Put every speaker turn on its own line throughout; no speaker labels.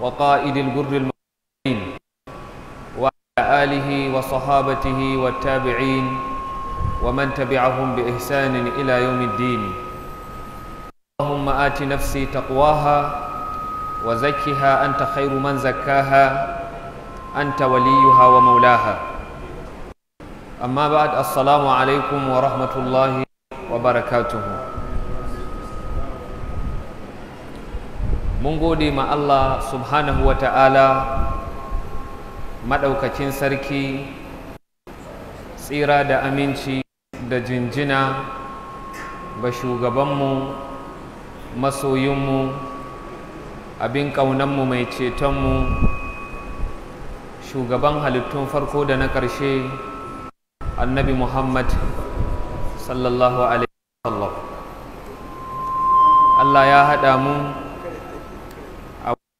وقائد البر المعين وعلى آله وصحابته والتابعين ومن تبعهم بإحسان إلى يوم الدين اللهم آت نفسي تقواها وزكها أنت خير من زكاها أنت وليها ومولاها أما بعد السلام عليكم ورحمة الله وبركاته mun gode ma Allah subhanahu wa ta'ala maɗaukacin sarki tsira da aminci da jinjina ga shugabanmu masoyinmu abin ƙaunanmu mai cetonmu shugaban halittun farko da na ƙarshe annabi muhammad sallallahu alaihi wasallam Allah ya haɗa mu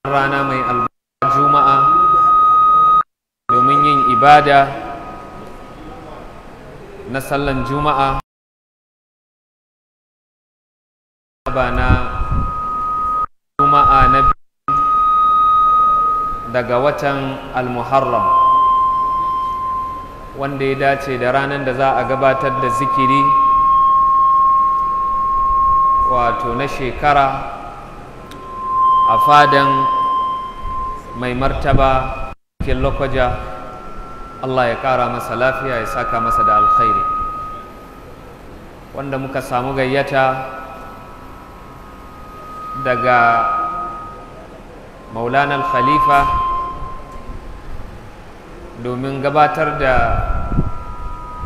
rana mai albarka juma'a domin yin ibada na sallan juma'a ba na juma'a na daga watan almuharram wanda ya dace da ranar da za a gabatar da zikiri wato na shekara a fadan mai martaba cikin lokaja Allah ya kara masa lafiya ya saka masa da alkhairi wanda muka samu gayyata daga maulana khalifa domin gabatar da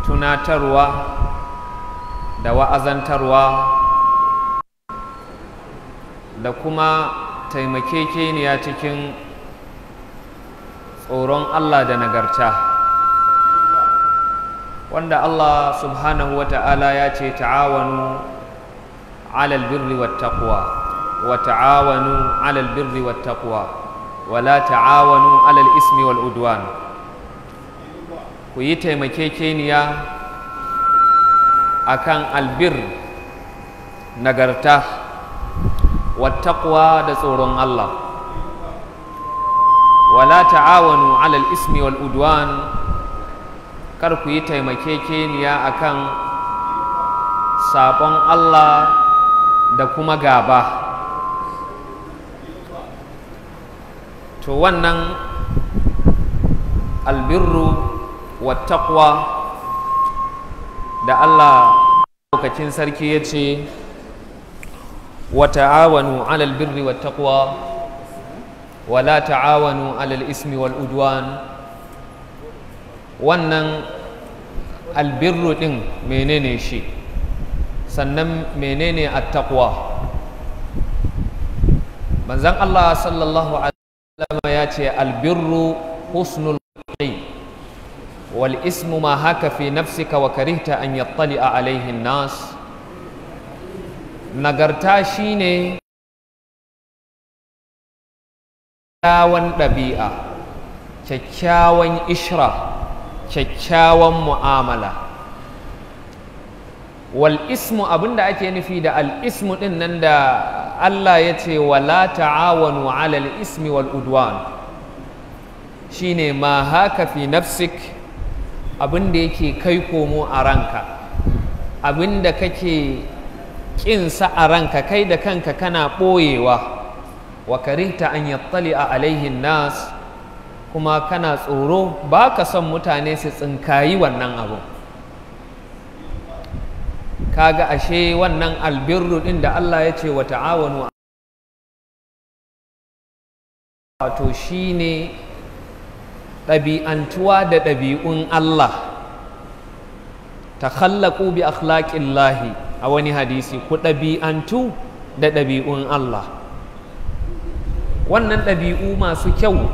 tunatarwa da wa'azantarwa da kuma taimakekeniya cikin tsoron Allah da nagarta wanda Allah subhanahu wa ta'ala ya ce ta'awanu alal birri wat taqwa wa ta'awanu alal birri wat taqwa wa la ta'awanu alal ismi wal udwan ku yi taimakekeniya akan albir nagarta wattaqwa da tsoron Allah wala ta'awanu alal ismi wal udwan kar ku yi taimakekeniya akan sabon Allah da kuma gaba to wannan albirru wattaqwa da Allah lokacin sarki ya ce wa ta'awanu alal birri wattaqwa wala ta'awanu alal ismi wal udwan wannan albirru din menene shi sannan menene attaqwa manzon Allah sallallahu alaihi wasallam ya ce albirru husnul qai wal ismu ma haka fi nafsika wa karihta an yattali'a alaihi nas nagarta shine kyakkyawan ɗabi'a kyakkyawan ishra kyakkyawan mu'amala wal ismu abinda ake nufi da al ismu din nan da Allah ya ce wa la ta'awanu al ismi wal udwan shine ma haka fi nafsik abinda yake kai komo a ranka abinda kake ƙinsa a ranka kai da kanka kana ɓoyewa wa karihta an yattali'a alaihin nas kuma kana tsoro ba ka son mutane su tsinkayi wannan abu kaga ashe wannan
albirru ɗin da Allah ya ce wa ta'awanu
wato shine ɗabi'antuwa da ɗabi'un Allah takhallaku bi akhlaqillahi a wani hadisi ku ɗabi'antu da ɗabi'un Allah wannan ɗabi'u masu kyau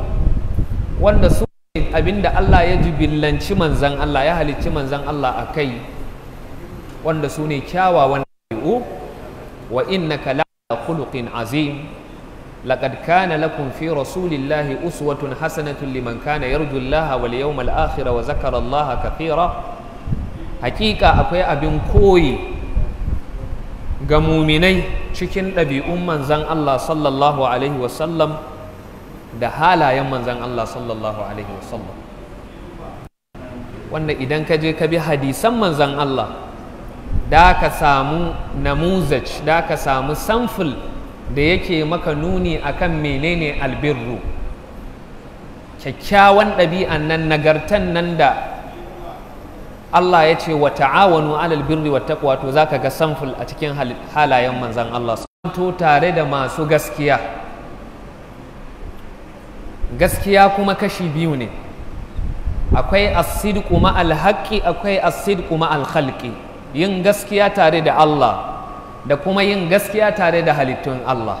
wanda su abinda Allah ya jubillanci manzan Allah ya halicci manzan Allah a kai wanda su ne kyawawan ɗabi'u wa inna la khuluqin azim لقد كان لكم في رسول الله أسوة حسنة لمن كان يرجو الله واليوم الآخر وذكر الله ga muminai cikin ɗabi'un manzan Allah sallallahu alaihi wasallam da halayen manzan Allah sallallahu alaihi wasallam wanda idan ka je ka bi hadisan manzan Allah da ka samu namuzaj da ka samu samful da yake maka nuni akan menene albirru kyakkyawan ɗabi'an nan nagartan nan da Allah ya ce wa ta'awanu alal birri wa taqwa to zaka ga samful a cikin halayen manzon Allah to tare da masu gaskiya gaskiya kuma kashi biyu ne akwai as-sidqu ma'al haqqi akwai as-sidqu ma'al khalqi yin gaskiya tare da Allah da kuma yin gaskiya tare da halittun Allah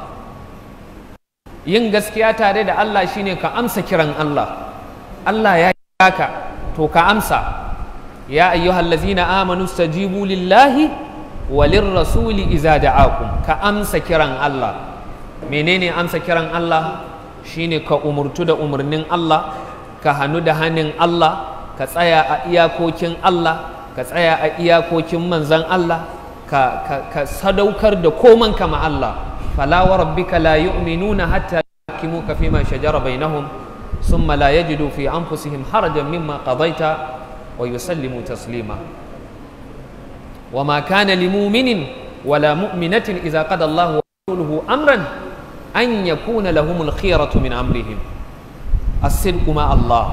yin gaskiya tare da Allah shine ka amsa kiran Allah Allah ya kira ka to ka amsa ya ayyuhallazina amanu stajibu lillahi walin rasuli iza da'akum ka amsa kiran Allah menene amsa kiran Allah shine ka umurtu da umarnin Allah ka hannu da hannun Allah ka tsaya a iyakokin Allah ka tsaya a iyakokin manzan Allah ka, sadaukar da koman kama Allah fala wa rabbika la yu'minuna hatta yuhkimuka fima shajara bainahum thumma la yajidu fi anfusihim harajan mimma qadaita wa yusallimu taslima wa ma limuminin wala mu'minatin idza qada Allahu wa rasuluhu amran an yakuna lahumul khiyaratu min amrihim as-sidqu ma Allah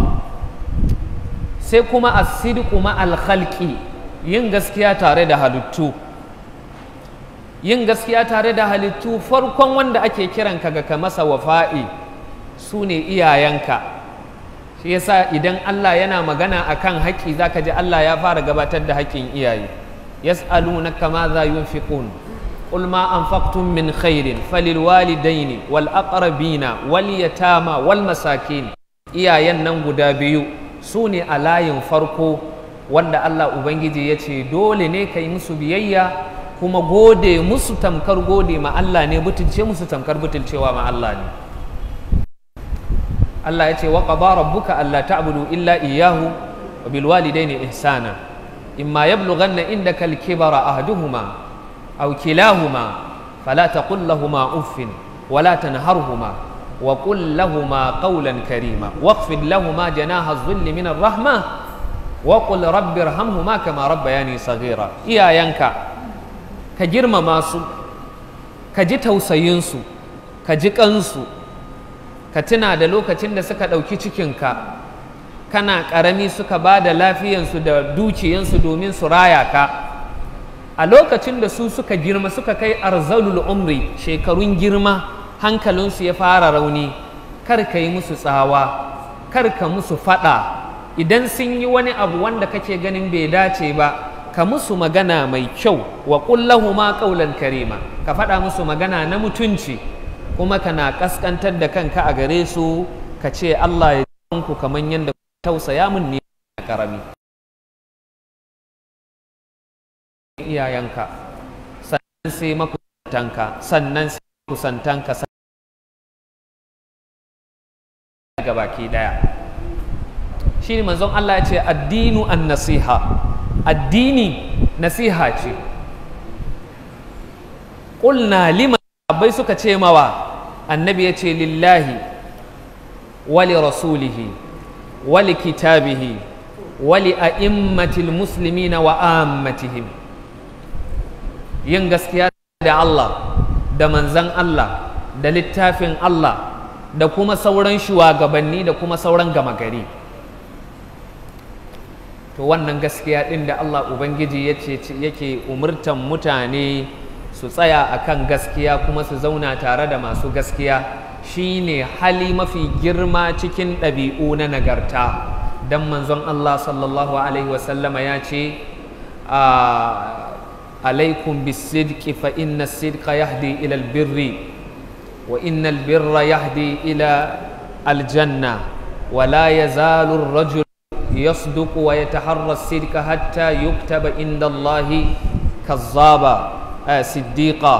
sai kuma a sidqu ma al-khalqi yin gaskiya tare da halittu farkon wanda ake kiranka ga ka masa wafa'i su ne iyayenka shi yasa idan Allah yana magana akan haƙƙi zaka ji Allah ya fara gabatar da haƙƙin iyaye yas'alunaka ma za yunfiqun qul ma anfaqtum min khairin falil walidaini wal aqrabina wal yatama wal masakin iyayen nan guda biyu su ne a layin farko wanda Allah Ubangiji ya ce dole ne ka yi musu biyayya kuma gode musu tamkar gode ma Allah ne butulce musu tamkar butulcewa ma Allah ne Allah ya ce wa qada rabbuka alla ta'budu illa iyyahu wa bil walidayni ihsana imma yablughanna indaka al kibara ahaduhuma aw kilahuma fala taqul lahumā uffin wala tanharhumā wa qul lahumā qawlan karīmā waqfid lahumā janāha adh-dhilli min ar-raḥmah wa qul rabbi irhamhumā kamā rabbayānī saghīrā iyayanka ka girmama su ka ji tausayinsu ka ji kansu ka tuna da lokacin da suka ɗauki cikinka kana ƙarami suka ba da lafiyansu da dukiyansu domin su raya ka a lokacin da su suka girma suka kai arzalul umri shekarun girma hankalinsu ya fara rauni kar ka yi musu tsawa kar ka musu faɗa idan sun yi wani abu wanda kake ganin bai dace ba ka musu magana mai kyau wa ƙullahu ma ƙaulan karima ka faɗa musu magana na mutunci kuma kana kaskantar da kanka a gare su ka ce Allah ya ku kamar yadda tausaya mun ne karami
iyayenka sannan sai makusantanka sannan sai sannan
ga baki daya shi ne manzon Allah ya ce addinu an nasiha addini nasiha ce ƙulna liman abai suka ce mawa annabi ya ce lillahi wali rasulihi wali kitabihi wali a a'immatil musulmi na ammatihim yin gaskiya da Allah da manzan Allah da littafin Allah da kuma sauran shugabanni da kuma sauran gama gari to wannan gaskiya ɗin da Allah Ubangiji yake umurtan mutane su tsaya akan gaskiya kuma su zauna tare da masu gaskiya shine hali mafi girma cikin ɗabi'u na nagarta dan manzon Allah sallallahu alaihi wasallama ya ce alaikum bisidqi fa inna sidqa yahdi ila birri wa inna birra yahdi ila aljanna wa la yazalu ar-rajul yasduqu wa yataharra as-sidqa hatta yuktaba inda Allah kazzaba آه، صديقا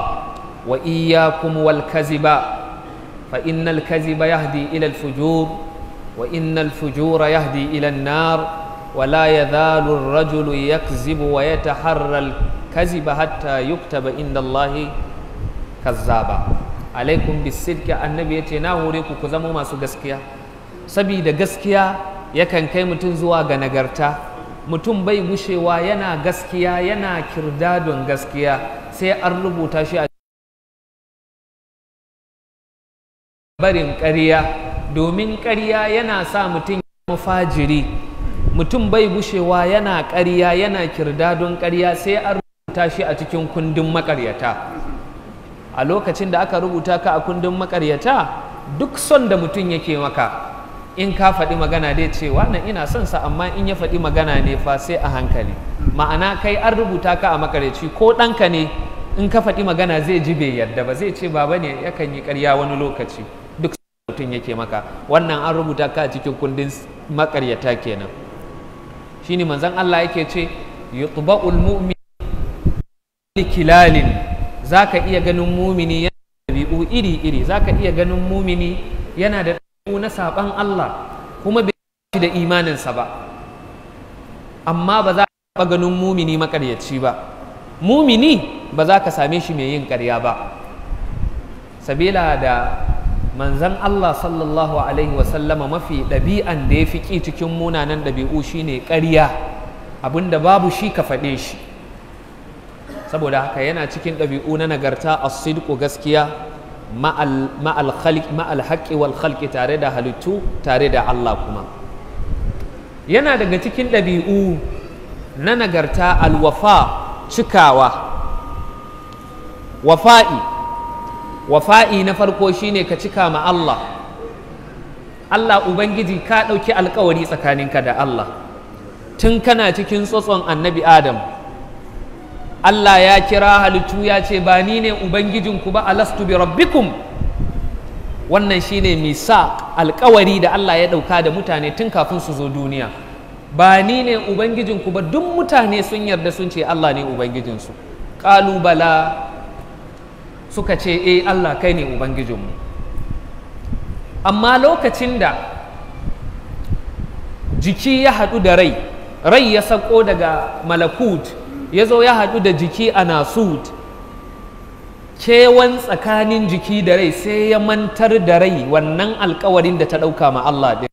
وإياكم والكذب فإن الكذب يهدي إلى الفجور وإن الفجور يهدي إلى النار ولا يزال الرجل يكذب ويتحرى الكذب حتى يكتب إن الله كذابا عليكم بالصدق النبي يتينا وريكو كزمو ما سو غسكيا سبي دا غسكيا يكن كاي متون زوا غا نغرتا متون بي مشيوا يانا غسكيا يانا كردادون غسكيا sai an
rubuta shi a barin ƙarya
domin ƙarya yana sa mutum ya mafajiri mutum bai gushewa yana ƙarya yana kirda don ƙarya sai an rubuta shi a cikin kundin maƙaryata a lokacin da aka rubuta ka a kundin makaryata duk son da mutum yake maka in ka faɗi magana dai cewa na ina son sa amma in ya faɗi magana ne fa sai a hankali ma'ana kai an rubuta ka a makareci ko ɗanka ne in ka faɗi magana zai ji bai yarda ba zai ce baba ne yakan yi karya wani lokaci duk mutum yake maka wannan an rubuta ka a cikin kundin makaryata kenan shine manzon Allah yake ce yutba'ul mu'min kilalin zaka iya ganin mumini yana da iri iri zaka iya ganin mumini yana da u na saban Allah kuma bai da imaninsa ba amma ba za taɓa ganin mumini makaryaci ba mumini ba za ka same shi mai yin karya ba sabila da manzan Allah sallallahu alaihi wasallama mafi ɗabi'an da ya fi ƙi cikin munanan ɗabi'u shine ƙarya abinda babu shi ka faɗe shi saboda haka yana cikin ɗabi'u na nagarta as-sidqu gaskiya ma'al haƙƙi wal khalqi tare da halittu tare da Allah kuma yana daga cikin ɗabi'u na nagarta alwafa cikawa wafa'i wafa'i na farko shine ka cika ma Allah Allah Ubangiji ka ɗauki alkawari tsakaninka da Allah tun kana cikin tsotson annabi Adam Allah ya kira halittu ya ce ba ni ne Ubangijinku ba alastu bi rabbikum wannan shine misa alkawari da Allah ya ɗauka da mutane tun kafin su zo duniya ba ni ne ubangijinku ba duk mutane sun yarda sun ce Allah ne ubangijinsu ƙalubala suka ce eh Allah kai ne ubangijinmu amma lokacin da jiki ya haɗu da rai rai ya sako daga malakut ya zo ya haɗu da jiki a nasud kewan tsakanin jiki da rai sai ya mantar da rai wannan alkawarin da ta ɗauka ma Allah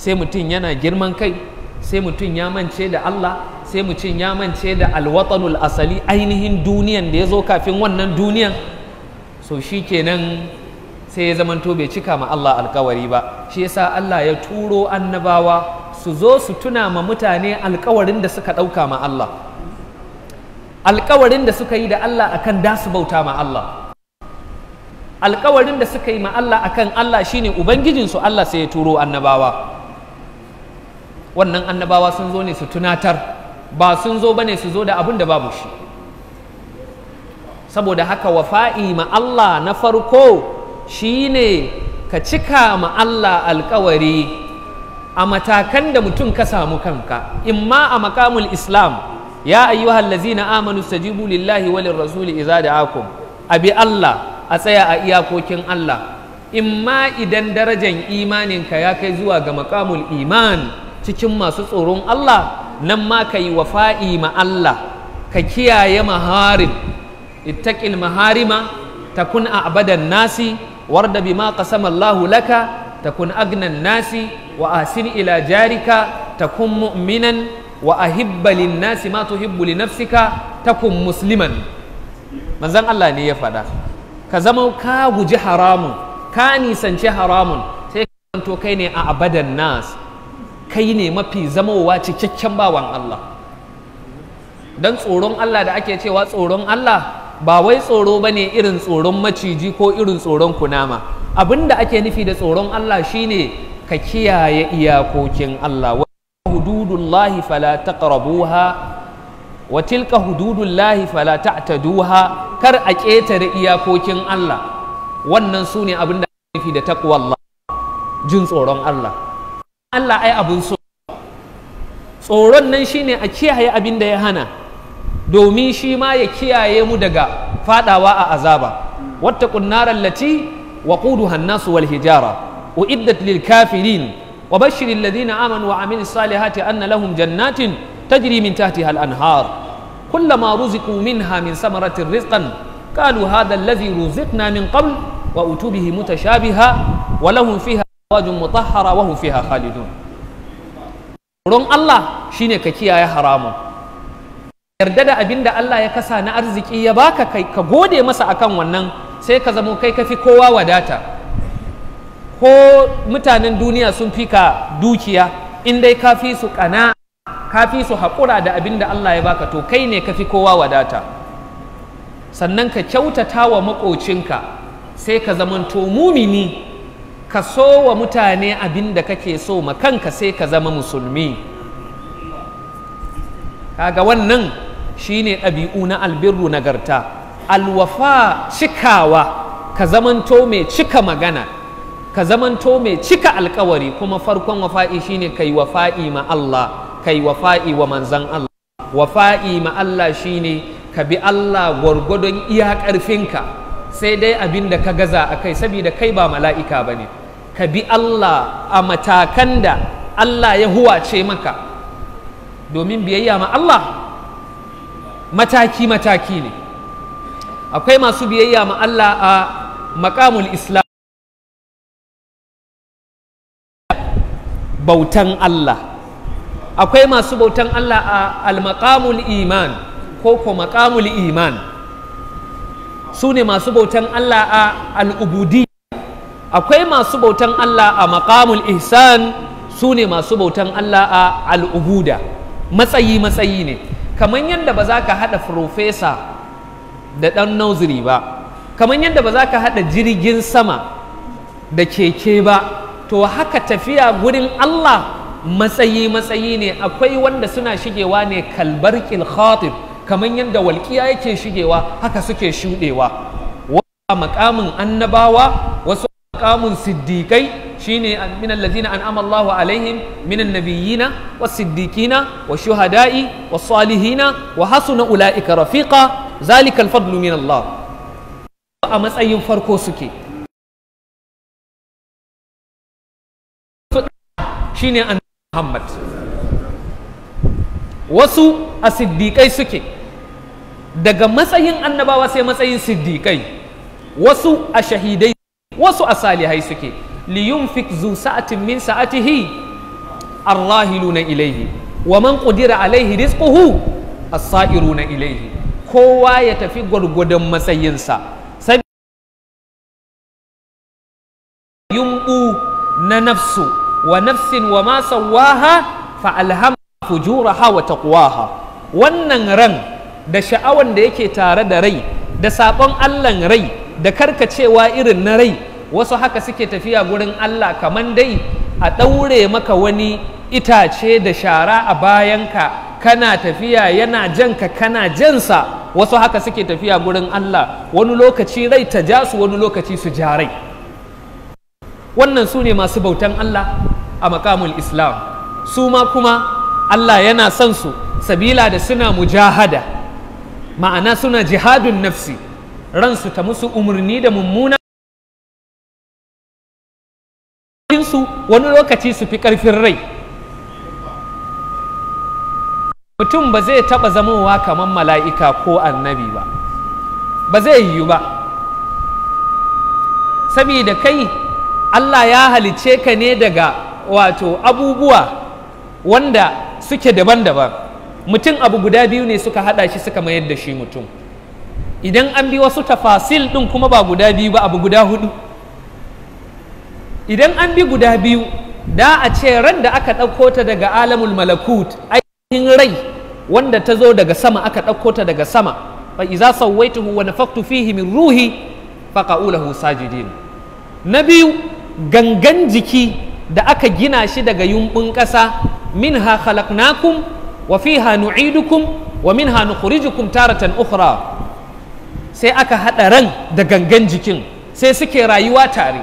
sai mutum yana girman kai sai mutum ya mance da Allah sai mutum ya mance da alwatanul asali ainihin duniyan da ya zo kafin wannan duniyan so shi kenan sai ya zamanto bai cika ma Allah alkawari ba shi yasa Allah ya turo annabawa su zo su tuna ma mutane alkawarin da suka ɗauka ma Allah alkawarin da suka yi da Allah akan da su bauta ma Allah alkawarin da suka yi ma Allah akan Allah shine ubangijinsu Allah sai ya turo annabawa wannan annabawa sun zo ne su tunatar ba sun zo bane su zo da abin da babu shi saboda haka wafa'i ma Allah na farko shine ka cika ma Allah alkawari a matakan da mutum ka samu kanka imma a makamul islam ya ayyuhal na amanu sajibu lillahi walin rasuli iza a bi Allah a tsaya a iyakokin Allah imma idan darajan imaninka ya kai zuwa ga makamul iman cikin masu tsoron Allah nan ma ka yi wafa'i ma Allah ka kiyaye maharin ittaqil maharima takun a'badan nasi warda bima qasama Allahu laka takun agnan nasi wa ila jarika takun mu'minan wa ahibba lin nasi ma tuhibbu li nafsika takun musliman manzon Allah ne ya faɗa ka zama ka guji haramun ka nisanci haramun sai ka zanto kai ne a abadan nas kai ne mafi zamowa cikakken bawan Allah don tsoron Allah da ake cewa tsoron Allah ba wai tsoro ba ne irin tsoron maciji ko irin tsoron kunama abin da ake nufi da tsoron Allah shine ka kiyaye iyakokin Allah hududullahi fala taqrabuha wa tilka hududullahi fala ta'taduha kar a ƙetare iyakokin Allah wannan su ne abin da ake nufi da taqwallah jin tsoron Allah Allah ai abin so tsoron nan shine a kiyaye abin da ya hana domin shi ma ya kiyaye mu daga fadawa a azaba wattaqun naral lati waquduha an-nas wal hijara uiddat lil kafirin wa bashshiril ladina amanu wa amilus salihati anna lahum jannatin tajri min tahtiha al-anhar kullama ruziqu minha min samaratin rizqan قالوا هذا الذي رزقنا من قبل وأتوا به متشابها ولهم فيها azwajun mutahara wa hum ha khalidun tsoron Allah shine ka kiyaye haramun yarda da abin da Allah ya kasa na arziki ya baka kai ka gode masa akan wannan sai ka zamo kai ka fi kowa wadata ko mutanen duniya sun fi ka dukiya in dai ka fi su kana ka fi su haƙura da abin da Allah ya baka to kai ne ka fi kowa wadata sannan ka kyautata wa maƙocinka sai ka zamanto mumini ka so wa mutane abin da kake so ma kanka sai ka zama musulmi kaga wannan shine ɗabi'u na albirru nagarta alwafa cikawa ka zamanto mai cika magana ka zamanto mai cika alkawari kuma farkon wafa'i shine kai wafa'i ma Allah kai wafa'i wa manzan Allah wafa'i ma Allah shine ka bi Allah gwargwadon iya ƙarfinka sai dai abin da ka gaza a kai saboda kai ba mala'ika ba ne ka bi Allah a matakan da Allah ya huwace maka domin biyayya ma Allah mataki-mataki ne akwai masu biyayya ma Allah a makamul islam bautan Allah akwai masu bautan Allah a almakamul iman ko ko makamul iman su ne masu bautan Allah a al al'ubudi akwai masu bautan Allah a makamul ihsan su ne masu bautan Allah a al'ubuda matsayi matsayi ne kamar yadda ba za ka haɗa profesa da ɗan nauziri ba kamar yadda ba za ka haɗa jirgin sama da keke ba to haka tafiya gurin Allah matsayi matsayi ne akwai wanda suna shigewa ne kalbar khatib kamar yadda walƙiya yake shigewa haka suke shuɗewa wa makamin annabawa wasu maqamun siddiqai shine min allazina an'ama Allahu alaihim minan annabiyina was-siddiqina wash-shuhada'i wa salihina wa hasuna ulaika rafiqa zalika al-fadlu min Allah
a matsayin farko suke
shine wasu a siddiƙai suke daga matsayin annabawa sai matsayin siddiƙai wasu a shahidai wasu asalihai suke liyunfik zu sa'atin min sa'atihi arrahiluna ilaihi wa man qudira alaihi rizquhu as-sa'iruna ilaihi kowa ya tafi gwargwadon
matsayinsa yumbu
na nafsu wa nafsin wa ma sawaha fa alham fujuraha wa taqwaha wannan ran da sha'awan da yake tare da rai da sabon allan rai da cewa irin na rai wasu haka suke tafiya gurin Allah kamar dai a ɗaure maka wani itace da shara a bayanka kana tafiya yana janka kana jansa wasu haka suke tafiya gurin Allah wani lokaci rai ta ja su wani lokaci su ja rai wannan su ne masu bautan Allah a makamul islam su ma kuma Allah yana son su sabila da suna mujahada ma'ana suna jihadun nafsi
ransu ta musu umarni da mummuna
su wani lokaci su fi ƙarfin rai mutum ba zai taɓa zamowa kamar mala'ika ko annabi ba ba zai yiwu ba saboda kai Allah ya halice ka ne daga wato abubuwa wanda suke daban-daban mutum abu guda biyu ne suka haɗa shi suka mayar da shi mutum idan an bi wasu tafasil ɗin kuma ba guda biyu ba abu guda hudu idan an bi guda biyu da a ce ran da aka ɗauko ta daga alamul malakut ainihin rai wanda ta zo daga sama aka ɗauko ta daga sama fa iza sawaituhu wa nafaktu fihi min ruhi faqa'u lahu sajidin na biyu gangan jiki da aka gina shi daga yumbun ƙasa minha khalaqnakum wa fiha nu'idukum wa minha nukhrijukum taratan ukhra sai aka haɗa ran da gangan jikin sai suke rayuwa tare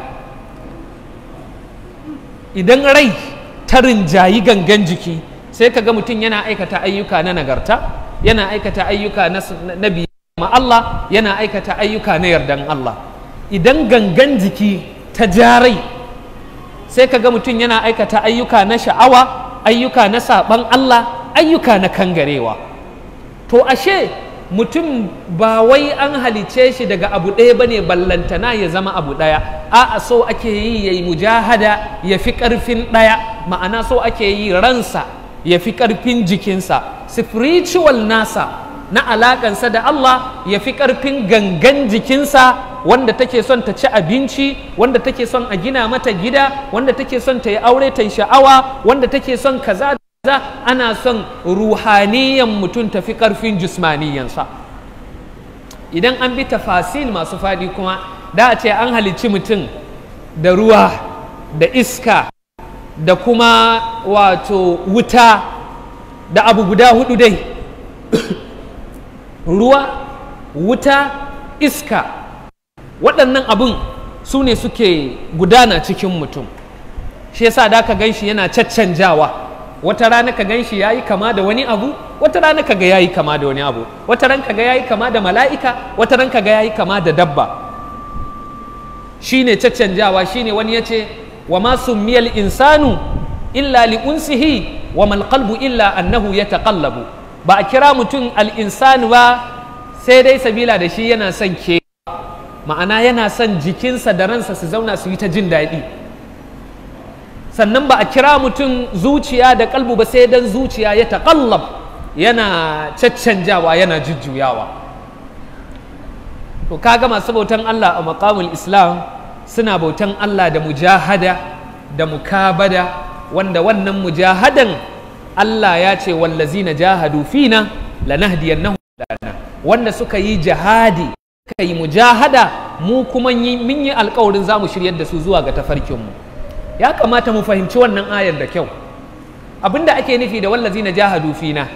idan rai ta rinjayi gangan jiki sai ka ga mutum yana aikata ayyuka na nagarta yana aikata ayyuka na ma Allah yana aikata ayyuka na yardan Allah idan gangan jiki ta jarai sai ka ga mutum yana aikata ayyuka na sha'awa ayyuka na saɓan Allah ayyuka na kangarewa to ashe mutum ba wai an halice shi daga abu ɗaya ba ne ballantana ya zama abu ɗaya a'a so ake yi ya yi mujahada ya fi ƙarfin ɗaya ma'ana so ake yi ransa ya fi ƙarfin jikinsa spiritual nasa na alaƙansa da Allah ya fi ƙarfin gangan jikinsa wanda take son ta ci abinci wanda take son a gina mata gida wanda take son ta yi aure ta sha'awa wanda take son kaza ana son ruhaniyan mutum tafi karfin jismaniyansa idan an bi tafasil masu faɗi kuma da ce an halicci mutum da ruwa da iska da kuma wato wuta da abu guda hudu dai ruwa wuta iska waɗannan abin su ne suke gudana cikin mutum shi yasa da ka gan shi yana caccanjawa wata rana ka gan shi ya yi kama da wani abu wata rana ka ga ya yi kama da wani abu wata ran ka ga ya yi kama da mala'ika wata ran ka ga ya yi kama da dabba shine caccanjawa shine wani ya ce wa ma summiyal insanu illa li unsihi wa mal qalbu illa annahu yataqallabu ba a kira mutum al insanu ba sai dai sabila da shi yana son ke ma'ana yana son jikinsa da ransa su zauna su yi ta jin daɗi sannan ba a kira mutum zuciya da kalbu ba sai dan zuciya ya taƙallaf yana caccanjawa yana jujjuyawa to kaga masu bautan Allah a maƙamul islam suna bautan Allah da mujahada da mukabada wanda wannan mujahadan Allah ya ce wallazina jahadu fina lanahdiyannahum lana wanda suka yi jihadi suka yi mujahada mu kuma mun yi alƙawarin za mu shiryar da su zuwa ga tafarkinmu mu ya kamata mu fahimci wannan ayar da kyau abinda ake nufi da wallazi na jahadu fina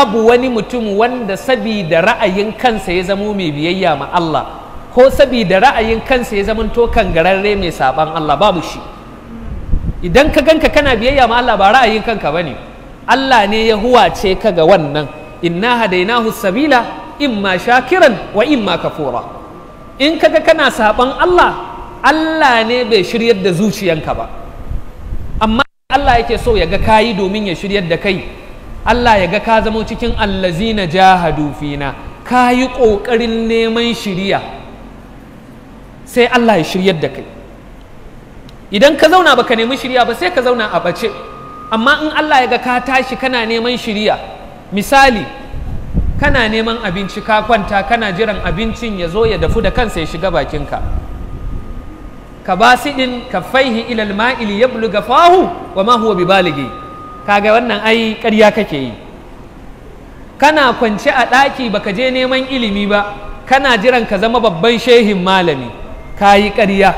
babu wani mutum wanda sabida ra'ayin kansa ya zamo mai biyayya ma Allah ko sabida ra'ayin kansa ya zamanto kangararre mai saban Allah babu shi idan ka ganka kana biyayya ma Allah ba ra'ayin kanka bane Allah ne ya huwace ka ga wannan inna hadainahu sabila imma shakiran wa imma kafura in kaga kana saban Allah Allah ne bai shiryar da zuciyanka ba amma Allah yake so ya ga kayi domin ya shiryar da kai Allah ya ga ka zamo cikin allazina jahadu fina kayi kokarin neman shiriya sai Allah ya shiryar da kai idan ka zauna baka nemi shiriya ba sai ka zauna a bace amma in Allah ya ga ka tashi kana neman shiriya misali kana neman abinci ka kwanta kana jiran abincin ya zo ya dafu da kansa ya shiga bakinka ka basidin kaffaihi ila al-ma'i li yablugha fahu wa ma huwa bibalighi kaga wannan ai ƙarya kake yi kana kwance a ɗaki baka je neman ilimi ba kana jiran ka zama babban shehin malami kayi ƙarya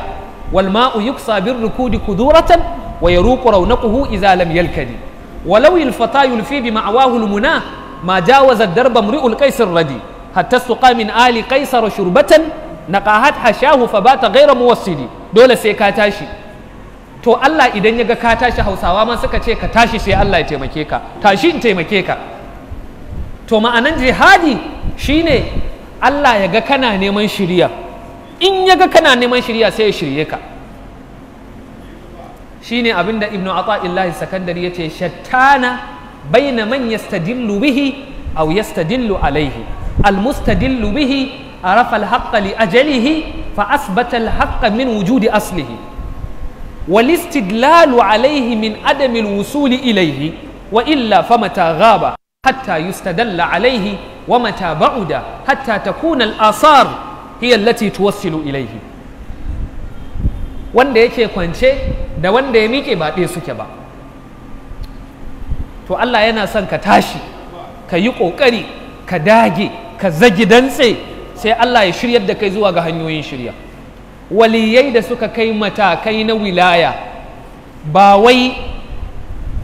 wal ma'u yuksa bir rukudi kuduratan wa yaruqu raunaquhu idza lam yalkadi walau yulfata yulfi bi ma'wahu al-muna ma jawaza darba mri'ul qaisir radi hatta suqa min ali qaisar shurbatan naqahat hashahu fabata ghayra muwassidi dole sai ka tashi to Allah idan ya ga ka tashi hausawa ma suka ce ka tashi sai Allah ya taimake ka tashi in taimake ka to ma'anan jihadi shine Allah ya ga kana neman shiriya in ya ga kana neman shirya sai ya shirye ka shine abinda ibnu ibnu ata'illahi sakandari yace shattana baina man yastadillu bihi aw yastadillu alaihi almustadillu bihi Arafal alhaqqa li ajalihi fa asbatal alhaqqa min wujudi aslihi wal istidlalu alayhi min adami alwusuli ilaihi wa illa famata ghaba hatta yustadalla alayhi wa mata ba'uda hatta ta kunal asar hiya allati tuwassilu ilayhi wanda yake kwance da wanda ya miƙe ba ɗaya suke ba to Allah yana son ka tashi ka yi ƙoƙari ka dage ka zagi dantse sai Allah ya shiryar da kai zuwa ga hanyoyin shirya waliyai da suka kai matakai na wilaya ba wai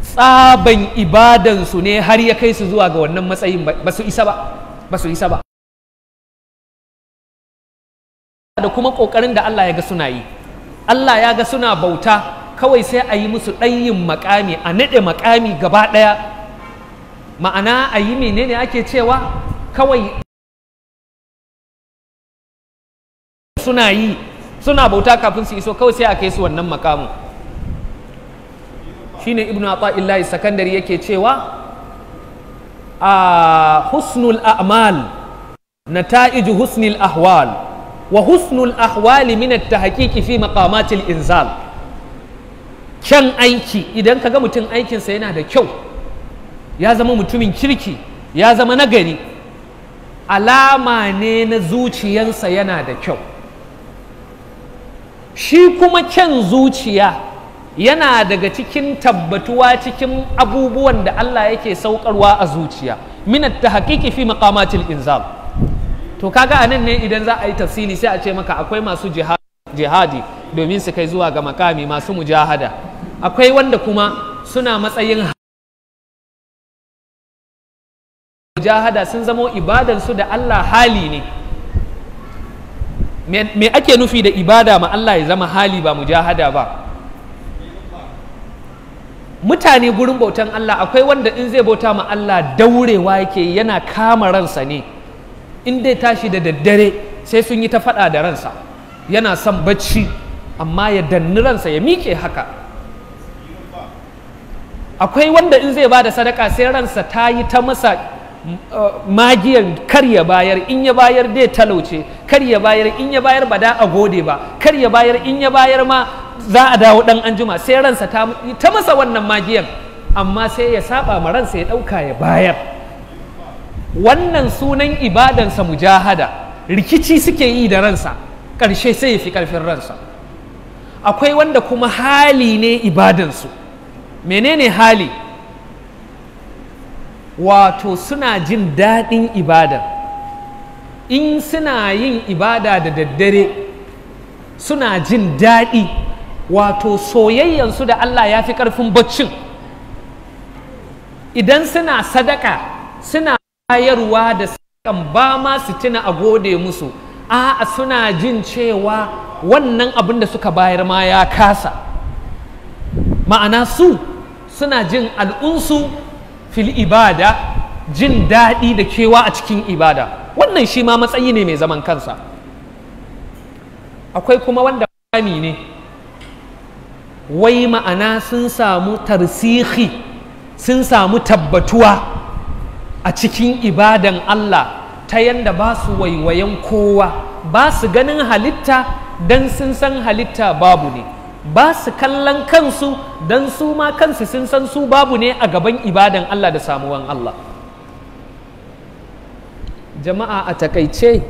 tsaban ibadansu ne har ya kai su zuwa ga wannan matsayin ba su isa ba ba su isa ba da kuma ƙoƙarin da Allah ya ga suna yi Allah ya ga suna bauta kawai sai a yi musu ɗanyin makami a naɗe makami gaba ɗaya ma'ana a yi menene ake cewa kawai suna yi suna bauta kafin su iso kawai sai a kai su wannan makamu shine ibnu ata'illahi sakandari yake cewa a husnul a'mal ta'iji husnil ahwal wa husnul ahwali min at-tahqiqi fi inzal kyan aiki idan ka ga mutum aikinsa yana da kyau ya zama mutumin kirki ya zama nagari alama ne na zuciyansa yana da kyau shi kuma kyan zuciya yana daga cikin tabbatuwa cikin abubuwan da Allah yake saukarwa a zuciya minat ta haƙiƙi fi maƙamatil inzal to kaga a nan ne idan za a yi tafsiri sai a ce maka akwai masu jihadi domin su kai zuwa ga makami masu mujahada akwai wanda kuma suna matsayin mujahada sun zamo ibadansu da Allah hali ne me ake nufi da ibada ma Allah ya zama hali ba mu mujahada ba mutane gurin bautan Allah akwai wanda in zai bauta ma Allah daurewa yake yana kama ransa ne in dai tashi da daddare sai sun yi ta faɗa da ransa yana son bacci amma ya danni ransa ya miƙe haka akwai wanda in zai bada sadaka sai ransa ta yi ta masa Uh, magiyar karya bayar in ya bayar dai talauce kar ya bayar in ya bayar ba da a gode ba kar ya bayar in ya bayar ma za a dawo dan anjima sai ransa ta ta masa wannan magiyar. amma sai ya saba ma ransa ya dauka ya bayar wannan sunan ibadansa mujahada rikici suke yi da ransa karshe sai ya fi karfin ransa akwai wanda kuma hali ne ibadansu menene hali wato suna jin daɗin ibada in suna yin ibada da daddare suna jin daɗi wato soyayyansu da Allah ya fi ƙarfin baccin idan suna sadaka suna bayarwa da sadakan ba ma su tuna a gode musu a'a suna jin cewa wannan abin da suka bayar ma ya kasa ma'ana su suna jin al'unsu fil ibada jin daɗi da kewa a cikin ibada wannan shi ma matsayi ne mai zaman kansa akwai kuma wanda bani ne wai ma'ana sun samu tarsihi sun samu tabbatuwa a cikin ibadan Allah ta yanda ba su waiwayen kowa ba su ganin halitta don sun san halitta babu ne ba su kallon kansu don su ma kansu sun san su babu ne a gaban ibadan Allah da samuwan Allah jama'a a takaice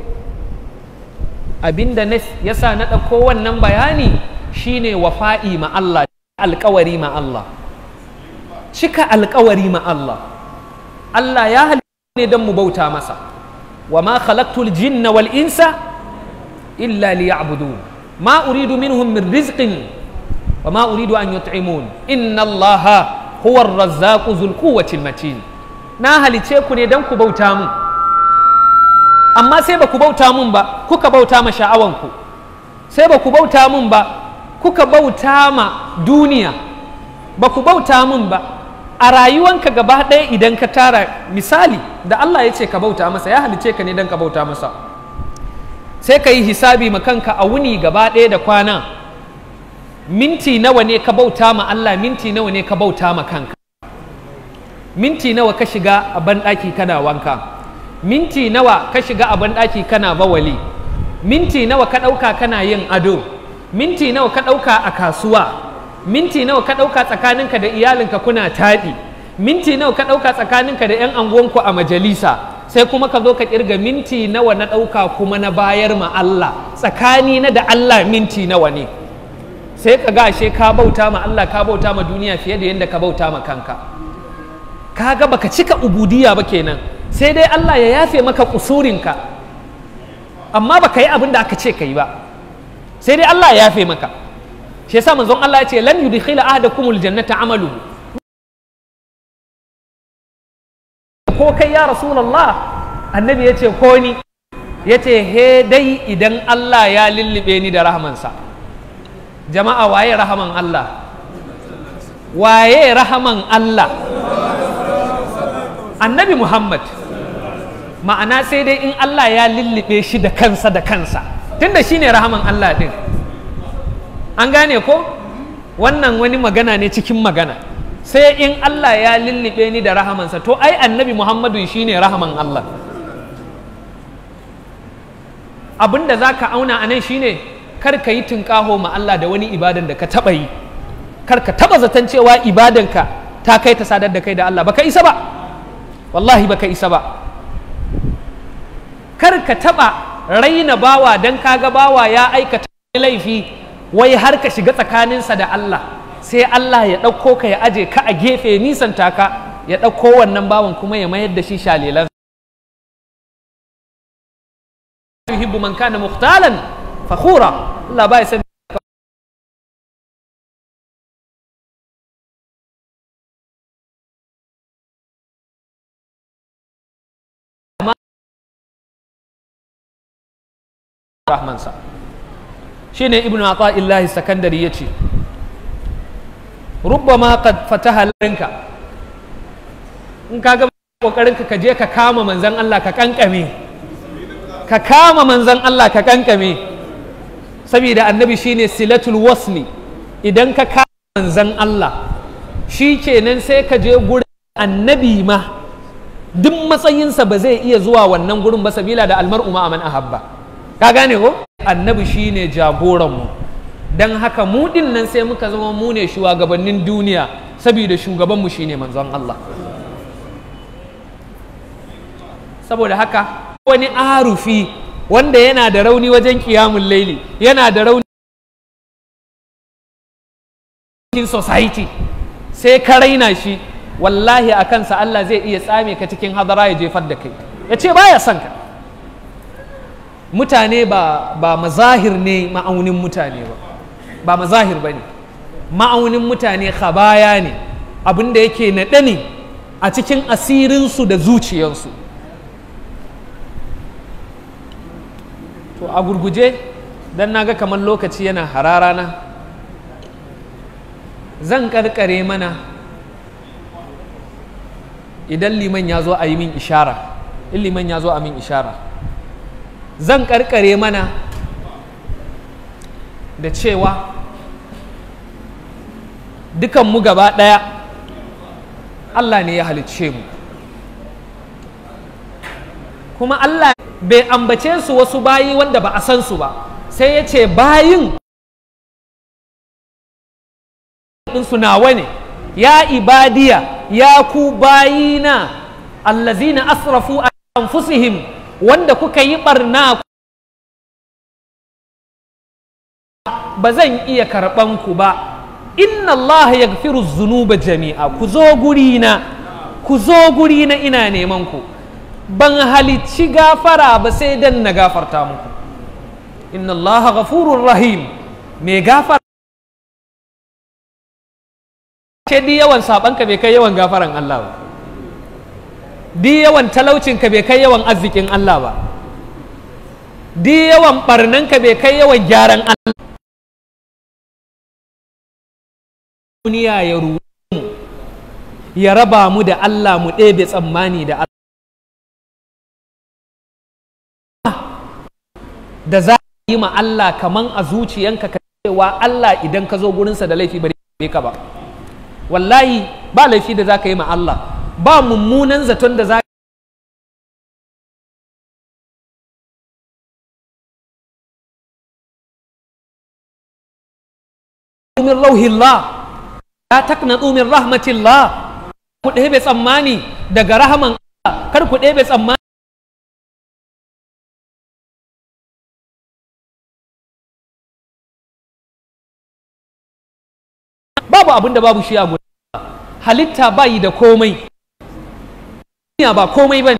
abinda ya sa na ɗauko wannan bayani shine wafa'i ma Allah alkawari ma Allah cika alkawari ma Allah Allah ya halittu ne don mu bauta masa wa ma khalaqtul jinna wal insa illa liya'budun ma uridu minhum min rizqin wa ma uridu an yut'imun inna allaha huwa quwwati na halice ku ne dan ku bauta mun amma sai ba ku bauta mun ba kuka bauta ma sha'awanku sai ba ku bauta mun ba kuka bauta ma duniya ba ku bauta mun ba a rayuwanka gaba ɗaya idan ka tara misali da Allah ya ce ka bauta masa ya halice ka ne dan ka bauta masa sai ka yi hisabi ma kanka a wuni gaba ɗaya da kwana minti nawa ne ka bauta ma Allah minti nawa ne ka bauta ma kanka minti nawa ka shiga a banɗaki kana wanka minti nawa ka shiga a banɗaki kana bawali minti nawa ka ɗauka kana yin ado minti nawa ka ɗauka a kasuwa minti nawa ka ɗauka tsakaninka da iyalinka kuna taɗi minti nawa ka ɗauka tsakaninka da 'yan anguwanku a majalisa sai kuma ka zo ka kirga minti nawa na ɗauka kuma na bayar ma Allah tsakani na da Allah minti nawa ne sai ka ga ashe ka bauta ma Allah ka bauta ma duniya fiye da yadda ka bauta ma kanka kaga baka cika ubudiya ba kenan sai dai Allah ya yafe maka kusurinka amma baka yi abin da aka ce ka yi ba sai dai Allah ya yafe maka shi
yasa manzon Allah ya ce lan yudkhila ahadakumul jannata amalu
ko kai ya rasulullah annabi ya ce ko ni ya ce he dai idan Allah ya lullube ni da rahmansa jama'a waye rahaman Allah waye rahaman Allah annabi Muhammad ma'ana sai dai in Allah ya lullube shi da kansa da kansa tunda shine rahaman Allah din an gane ko wannan wani magana ne cikin magana sai in Allah ya lullube ni da rahamansa to ai annabi Muhammadu shine rahaman Allah abinda za ka auna anan nan shine kar ka yi tunƙaho ma Allah da wani ibadan da ka taɓa yi kar ka taɓa zaton cewa ibadanka ta kai ta sadar da kai da Allah baka isa ba wallahi baka isa ba kar ka taɓa raina bawa don ka ga bawa ya aikata laifi wai har ka shiga tsakaninsa da Allah sai Allah ya ɗauko ka ya aje ka a gefe nisan taka ya ɗauko
wannan bawan kuma ya mayar da shi shalilan yuhibbu man kana mukhtalan fakhura Allah ba ya sani
rahmansa shi ne ibn ata'illahi sakandari ya ce ma ka fata halarinka in ka ga kokarin ka je ka kama manzan Allah ka kankame ka kama manzan Allah ka kankame saboda annabi shine silatul wasni idan ka kama manzan Allah shi kenan sai ka je gurin annabi ma duk matsayinsa ba zai iya zuwa wannan gurin ba sabila da almar ma aman ahabba ka gane ko annabi shine jagoran mu dan haka mu din nan sai muka zama mu ne shugabannin duniya saboda shugaban mu shine manzon Allah saboda haka wani arufi
wanda yana da rauni wajen kiyamun laili yana da rauni
cikin society sai ka raina shi wallahi a kansa Allah zai iya tsame ka cikin hadara ya jefar da kai ya ce baya son ka mutane ba ba mazahir ne ma'aunin mutane ba ba mazahir ba ne ma'aunin mutane khabaya ne abin yake naɗe ne a cikin asirinsu da zuciyarsu to a gurguje don na ga kamar lokaci yana hararana zan karkare mana idan liman ya zo a yi min ishara in liman ya zo a min ishara zan karkare mana da cewa dukanmu gaba ɗaya Allah ne ya halicce mu kuma Allah bai ambace su
wasu bayi wanda ba a san su ba sai ya ce bayin
ɗinsu nawa ne ya ibadiya ya ku bayina allazina asrafu a anfusihim wanda kuka yi ɓarna
ba zan iya karɓan ku ba
inna Allah ya zunuba jami'a ku zo na. ku zo na ina neman ku ban halicci gafara ba sai dan na gafarta muku inna allaha ghafurur rahim me gafara
ce di yawan ka bai kai yawan gafaran Allah ba di yawan talaucinka bai kai yawan arzikin Allah ba di yawan ka bai kai yawan gyaran Allah
duniya ya ruwa ya raba mu da Allah mu ɗebe tsammani da Allah
da za yi ma Allah kaman a zuciyanka ka cewa Allah idan ka zo gurinsa da laifi bare ka ba wallahi ba laifi da za ka yi ma Allah ba
mummunan zaton da za min rauhillah la taknatu min rahmatillah ku ɗebe tsammani daga rahaman Allah kar ku ɗebe tsammani
babu abin da babu shi a gurin halitta ba yi da komai duniya ba komai ba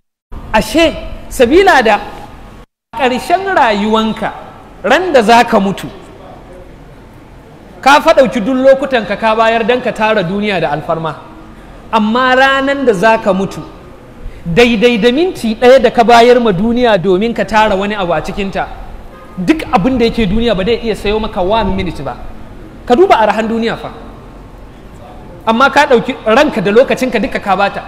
ashe sabila da ƙarshen rayuwanka ran da za ka mutu ka faɗauki duk lokutan ka bayar don ka tara duniya da alfarma amma ranan da za ka mutu daidai da minti ɗaya da ka bayar ma duniya domin ka tara wani abu a cikinta duk abin da yake duniya ba zai iya sayo maka wa minit ba ka duba arahan duniya fa amma ka ɗauki ranka da lokacinka duka ka bata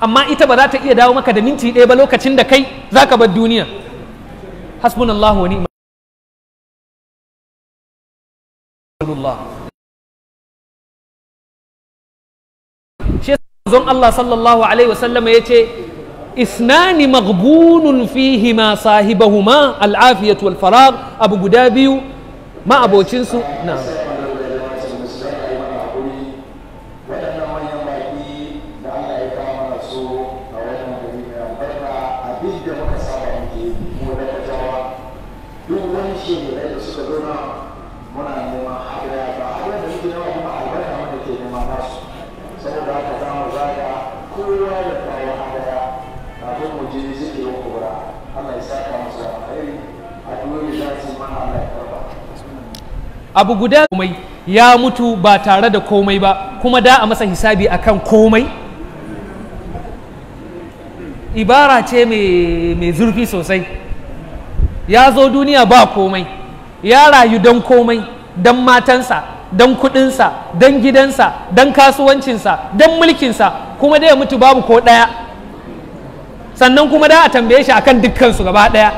amma ita ba za ta iya dawo maka da minti ɗaya ba lokacin da kai za ka bar duniya
hasbunallahu wa ni'mal shi zon Allah sallallahu
alaihi wasallama ya ce isnani maghbunun fihi ma sahibahuma al'afiyatu wal farag abu guda biyu ma abocinsu na abu guda komai ya mutu ba tare da komai ba kuma da a masa hisabi akan komai ibara ce mai zurfi sosai ya zo duniya ba komai ya rayu don komai don matansa don kudinsa don gidansa don kasuwancinsa don mulkinsa kuma da ya mutu babu ko ɗaya sannan kuma da a tambaye shi akan dukkansu gaba ɗaya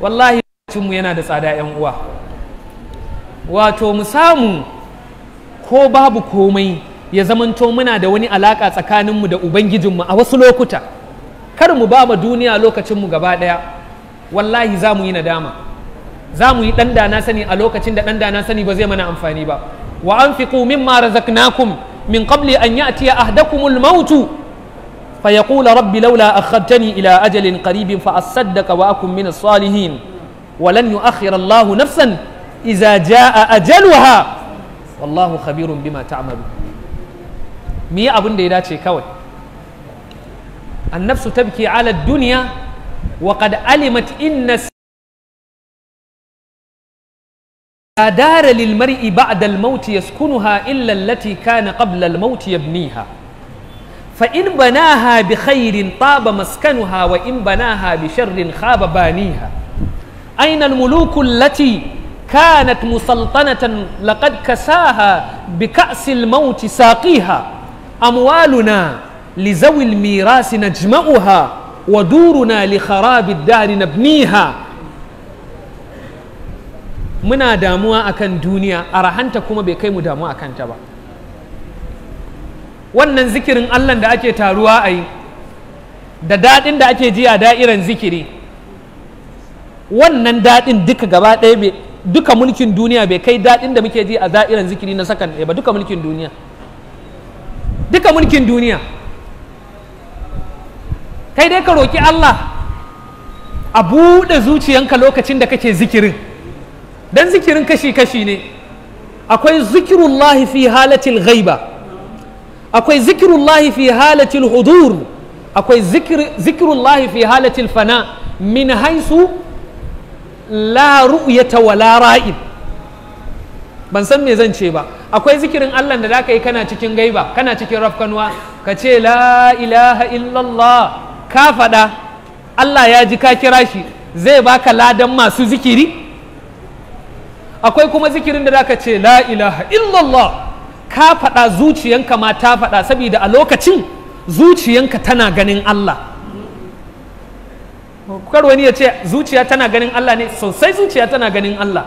wallahi mu yana da tsada 'yan uwa wato mu samu ko babu komai ya zamanto muna da wani alaƙa tsakaninmu da ubangijinmu a wasu lokuta kar mu ba ma duniya lokacinmu gaba ɗaya wallahi za mu yi nadama za mu yi ɗan sani a lokacin da ɗan dana sani ba zai mana amfani ba wa an fi mimma razaqnakum min qabli an ya'tiya ahdakumul mautu fa kula rabbi laula akhadtani ila ajalin qaribin fa asaddaka wa akum min salihin ولن يؤخر الله نفسا إذا جاء أجلها والله خبير بما تعمل مي أبن داتي كوي النفس تبكي على الدنيا
وقد علمت إن
دار للمرء بعد الموت يسكنها إلا التي كان قبل الموت يبنيها فإن بناها بخير طاب مسكنها وإن بناها بشر خاب بانيها أين الملوك التي كانت مسلطنة لقد كساها بكأس الموت ساقيها أموالنا لذوي الميراث نجمعها ودورنا لخراب الدار نبنيها muna damuwa akan duniya a rahanta kuma bai kai mu damuwa akan ta ba wannan zikirin allah da ake taruwa a yi da daɗin da ake ji a da'iran zikiri wannan daɗin duka gaba ɗaya duka mulkin duniya bai kai daɗin da muke ji a za'iran zikiri na sakan ba duka mulkin duniya duka mulkin duniya kai dai ka roƙi Allah a buɗe zuciyanka lokacin da kake zikirin dan zikirin kashi-kashi ne akwai zikirullahi fi halatil ghaiba akwai zikirullahi fi halatil hudur akwai zikirullahi fi halatil fana min haisu la ru'yata wa la ra'in ban san me zan ce ba akwai zikirin Allah da zaka yi kana cikin gaiba kana cikin rafkanuwa. ka ce la ilaha illallah ka faɗa Allah ya ji ka kira shi zai baka ladan masu zikiri akwai kuma zikirin da zaka ce la ilaha illallah ka faɗa zuciyanka ma ta faɗa saboda a lokacin zuciyanka tana ganin Allah kar wani ya ce zuciya tana ganin Allah ne sosai zuciya tana ganin Allah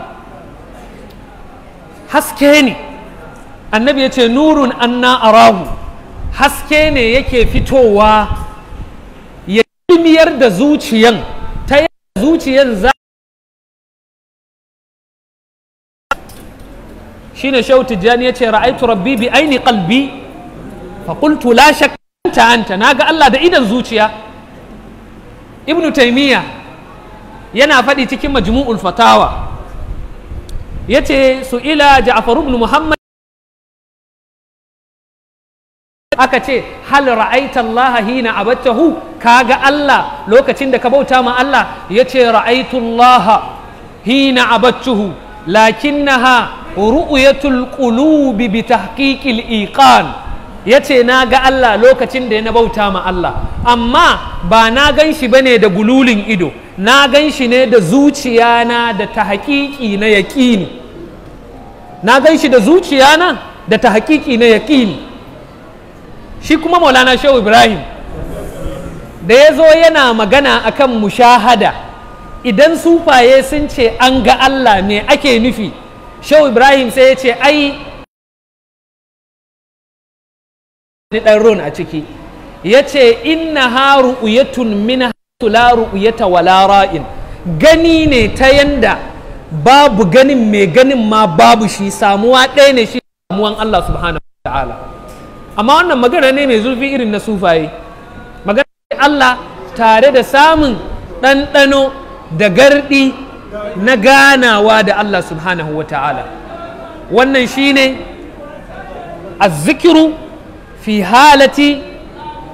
haske ne annabi ya ce nurun anna arahu haske ne yake fitowa ya ilmiyar da zuciyan
ta yadda zuciyan za
ne shau tijjani ya ce ra'aitu rabbi bi aini kalbi fa qultu la shakka anta anta naga Allah da idan zuciya ibnu taimiyya yana faɗi cikin majmu'ul fatawa yace
su ila ja'far ibn muhammad
aka ce hal ra'aita allaha hina abattahu kaga allah lokacin da ka bauta ma allah yace ra'aitu allaha hina abattuhu lakinnaha ru'yatul qulubi bi tahqiqil iqan ya ce na ga Allah lokacin da ya na bauta ma Allah amma ba na gan shi ba ne da gululin ido na gan shi ne da zuciya na da ta haƙiƙi na yaƙini na gan shi da zuciya na da ta haƙiƙi na yaƙini shi kuma maulana shehu ibrahim da ya zo yana magana akan mushahada idan sufaye sun ce an ga Allah me ake nufi
shehu ibrahim sai ya ce ai wani
ɗan ron a ciki yace inna ha ru'yatun min wala ra'in gani ne ta yanda babu ganin mai ganin ma babu shi samuwa ɗaya ne shi samuwan Allah subhanahu wa ta'ala amma wannan magana ne mai zurfi irin na sufaye magana Allah tare da samun ɗanɗano da gardi na ganawa da Allah subhanahu wa ta'ala wannan shine azzikiru fi halati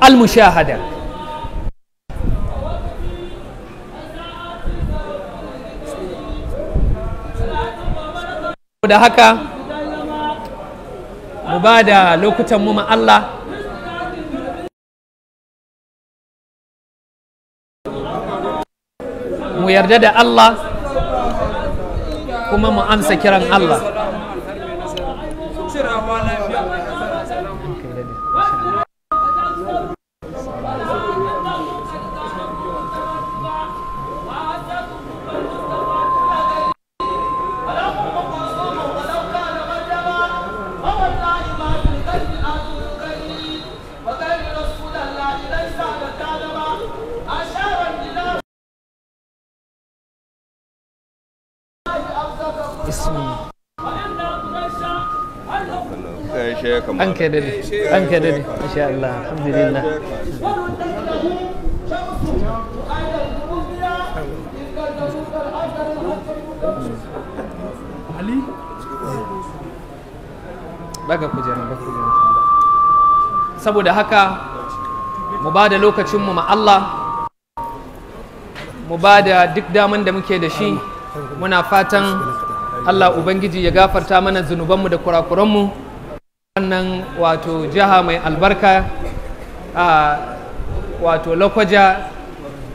المشاهدة da haka mu ba da lokutan mu ma Allah mu yarda da Allah kuma mu amsa kiran Allah
Mümkün değil.
an ka dade an Allah saboda haka mu ba lokacin mu ma Allah mu ba duk daman da muke da shi muna fatan Allah Ubangiji ya gafarta mana zunubanmu da kurakuranmu wannan wato jiha mai albarka a wato lokwaja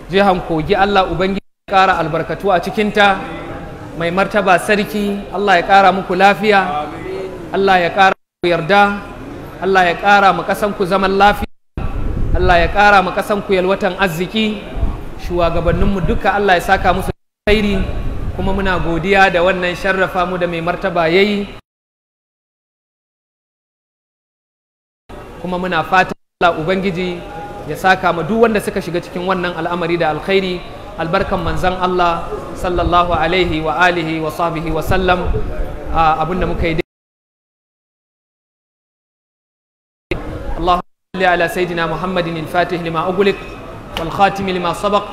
jihan kogi Allah Ubangiji ya kara albarkatu a cikinta mai martaba sarki Allah ya kara muku lafiya Allah ya kara muku yarda Allah ya kara mu ku zaman lafiya Allah ya kara mu ku yalwatan arziki shugabanninmu duka Allah ya saka musu alkhairi kuma muna godiya da wannan sharrafa mu da mai martaba
yayi kuma muna
fatan Allah ubangiji ya saka ma duk wanda suka shiga cikin wannan al'amari da alkhairi albarkan manzan Allah sallallahu alaihi wa alihi wa sahbihi wa sallam
abinda muka yi اللهم صل على سيدنا محمد الفاتح لما أغلق والخاتم لما سبق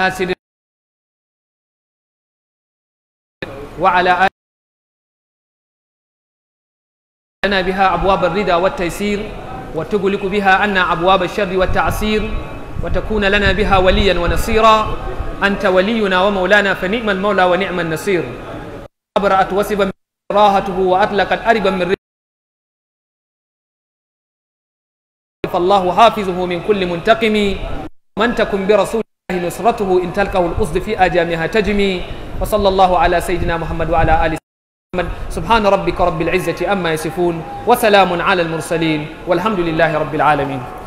ناصر
وعلى آله
لنا بها rida الرضا والتيسير وتغلق بها عنا أبواب الشر والتعسير وتكون لنا بها وليا ونصيرا أنت ولينا ومولانا فنعم المولى ونعم النصير أبرأت وسبا
راهته وأطلقت أربا من
فالله حافظه من كل منتقم من تكن برسول الله نصرته إن تلقه الأصد في آجامها تجمي وصلى الله على سيدنا محمد وعلى آله محمد سبحان ربك رب العزة أما يصفون وسلام على المرسلين والحمد لله رب العالمين